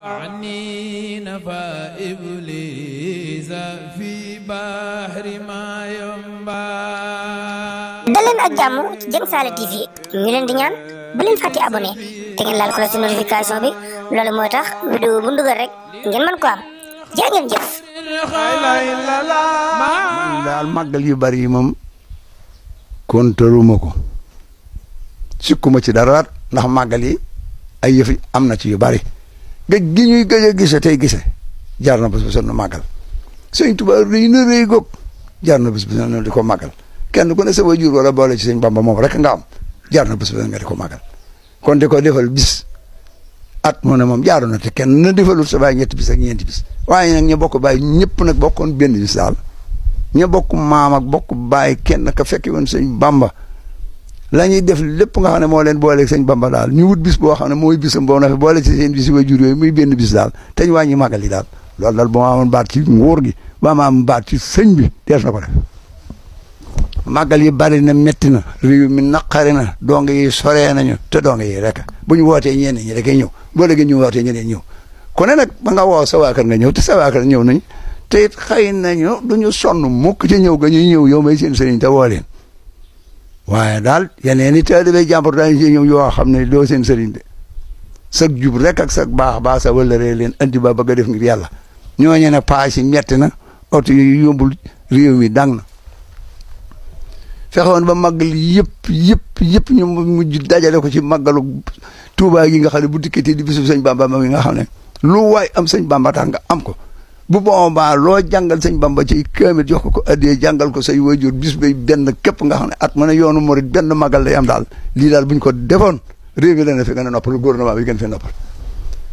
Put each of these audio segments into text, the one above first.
عني نفى ak jàmm ci Dieng Saala TV ñu leen di ñaan bu leen fàtte abonné te ngeen laal ko ci notification bi loolu mooy tax vidéo bu ndugal rek ngeen mën ko am jaa ngeen jëf man daal yu bari yi moom kontaruma ko sikkuma ci dara ndax màggal yi ay yëfi am na ci yu bari gëj gi ñuy gëj a gise tey gise jaar na bés bu set nu màggal sëñ Tuubaa rëy na rëy goog jaar na bés bu set nu di ko màggal kenn ku ne sa waajur wala boole ci sëñ Bamba moom rek nga am jaar na bés bu set ko màggal kon di ko defal bis at mu ne moom jaaru na te kenn na defalul sa baay ñetti bis ak ñeenti bis waaye nag ña bokk baay ñëpp nag bokkoon benn bis daal ña bokk maam ak bokk baay kenn ka fekki woon sëñ Bamba la ñuy def lépp nga xam ne moo leen booleeg sëñ Bamba daal ñu wut bis boo xam ne mooy bisam boo na fi boole ci seen bis yi way jur yooyu muy benn bis daal te ñu wàññi màggal yi daal loolu daal ba ma amoon baat ci nguur gi ba ma am baat ci sëñ bi dees na ko def yi bari na métti na réew mi naqari na dong yi soree nañu te dong yi rek bu ñu wootee ñenn ñi rek ñëw boo léegi ñu wootee ñeneen ñëw ku nag ba nga woo sa waa kër nga ñëw te sa waa kër ñëw nañ te it xëy nañu du ñu sonn mukk ci ñëw ga ñuy ñëw yow may seen sëriñ te woo leen waaye daal yeneen i taalibe jàmbur daañu si ñëw yoo xam ne doo seen sëriñ de sag jub rek ak sag baax baasa sa wëllëree leen andi ba bëgg a def ngir yàlla ñooñu ne paas yi metti na oto yu yombul réew mi dang na fexewoon ba màggal yëpp yëpp yëpp ñu mujj dajale ko ci màggalu Tuubaa gi nga xam ne bu dikkatee di bisu sëñ Bamba ma nga xam ne lu waay am sëñ Bamba tax am ko bu boobaa loo jàngal sëñ Bamba ci kéemit jox ko ko addee jàngal ko say wajur bis bay benn képp nga xam ne at ma ne yoonu murit benn magal lay am daal lii daal bu ko defoon réew mi dana fi gën a noppal gouvernement bi gën fi noppal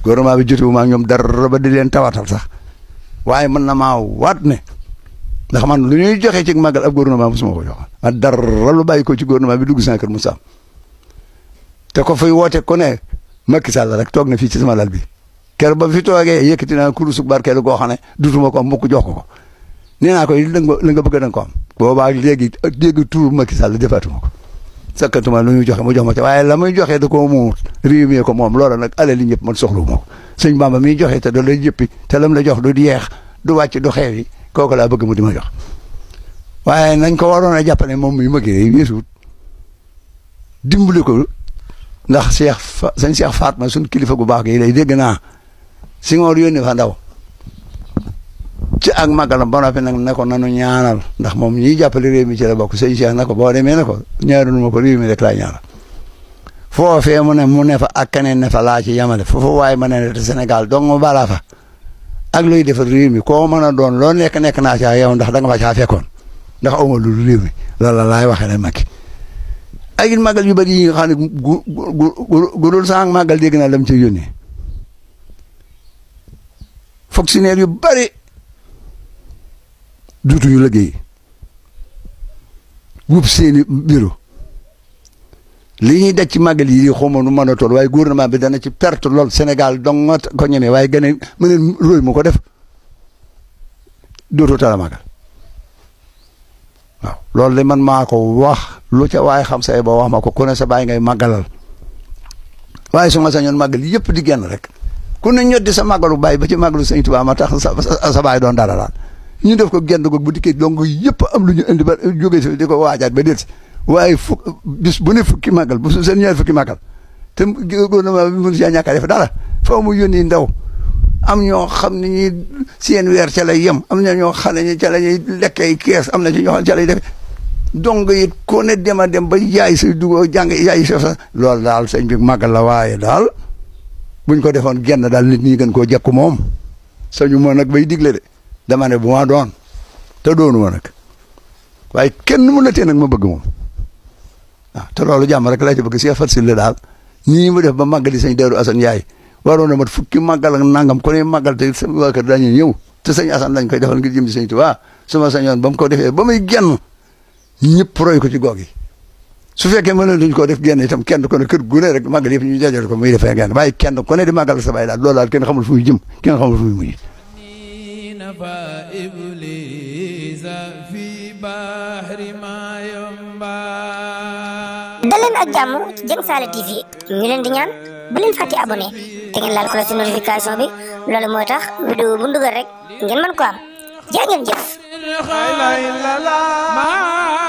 gouvernement bi jotewu maa ñoom dara ba di leen tawatal sax waaye mën na maa waat ne ndax man lu ñuy joxe ci magal ab gouvernement mosuma ko jox man dara lu bàyyi ko ci gouvernement bi dugg sa kër mu te ko fay woote ko ne Macky Sall rek toog na fii ci sama lal bi ker ba fi toogee yëkkati naa kurusug barkeelu goo xam ne dutuma ko am mukk jox ko ko nee naa ko la nga bëgg da nga ko am boobaa léegi dégg tur Macky Sall defaatuma ko sakkatuma lu ñu joxe mu jox ma ca waaye la muy joxe da koo muur réew ko moom loola nag alal li ñëpp man soxlu ma sëñ Bamba miy joxe te da lay jëppi te lam la jox du yeex du wàcc du xeew yi kooku laa bëgg mu di ma jox waaye nañ ko waroon a jàppale moom mi Macky day yeesuut ko ndax Cheikh sëñ Cheikh Fatma suñ kilifa gu baax gi day dégg naa Senghor yónni fa ndaw ci ak màggalam ba noppi nag ne ko nanu ñaanal ndax moom ñiy jàppale réew mi ci la bokk sëñ Cheikh na ko boo demee ne ko ñaanul ma ko réew mi rek laa ñaanal foofee mu ne mu ne fa ak keneen ne fa laa ci yemale foofu waaye ma ne te Sénégal dong mu balaa fa ak luy defar réew mi koo mën a doon loo nekk nekk naa caa yow ndax da nga fa caa fekkoon ndax aw lu réew mi loolu la laay waxee ne Macky ay màggal yu bëri yi nga xam ne gu gu gu dul sànq màggal dégg naa lam ci yónnee fonctionnaire yu bari duutuñu liggey wup seeni biro li ñi dacc magal yi xawma nu mëna tol way gouvernement bi dana ci perte lol Sénégal dong ko ñene way gën a roy mu ko def dutu tala magal waaw lol li man mako ko wax lu ca way xam say ba wax ma ko ku ne sa bay ngay màggalal waaye suma sañon magal màggal di genn rek ku ne ñoddi sa màggalu baay ba ci màggalu sëñ Tuubaa ma tax sa sa baay doon dara daal ñu def ko genn goog bu dikkee donc yëpp am lu ñu indi ba jógee si di ko waajaat ba delsi waaye fukk bis bu ne fukki màggal bu su seen ñaar fukki màggal te gouvernement bi mun si ñàkk a def foo mu yónni ndaw am ñoo xam ne ñi seen weer ca lay yem am na ñoo xam ne ñi ca la ñuy lekkee kees am na ci ñoo xam ne ca lay def donc it ku ne dem a dem ba yaay si dugub jàng yaay si sa loolu daal sëñ màggal la waaye daal. bu buñ ko defoon genn daal ni ñi gën koo jekku moom sañu ma nag bay digle de dama bu ma doon te doonu ma nag waaye kenn mu la nag ma bëgg moom waaw te loolu jàmm rek laa ci bëgg si affaire si la daal nii mu def ba màggal di sañ Daaru Assane Ndiaye waroon na mat fukki màggal ak nangam ku ne màggal te sama waa kër daañu ñëw te sañ Assane koy defal ngir jëm di sañ Tuubaa su ma sañoon ba mu ko defee ba muy genn ñëpp roy ko ci goog yi su fekkee mën na duñ def genn itam kenn ku ne kër gu ne rek màggal yëpp ñu jajal ko muy defee kenn ku ne di màggal sa bàyyi daal loolu daal kenn xamul fu muy jëm kenn daleen ak jàmm ci Dieng Saala TV ñu leen di ñaan bu leen fàtte te ngeen laal ko ci notification bi mooy tax vidéo bu ndugal rek ngeen mën ko am jaa ngeen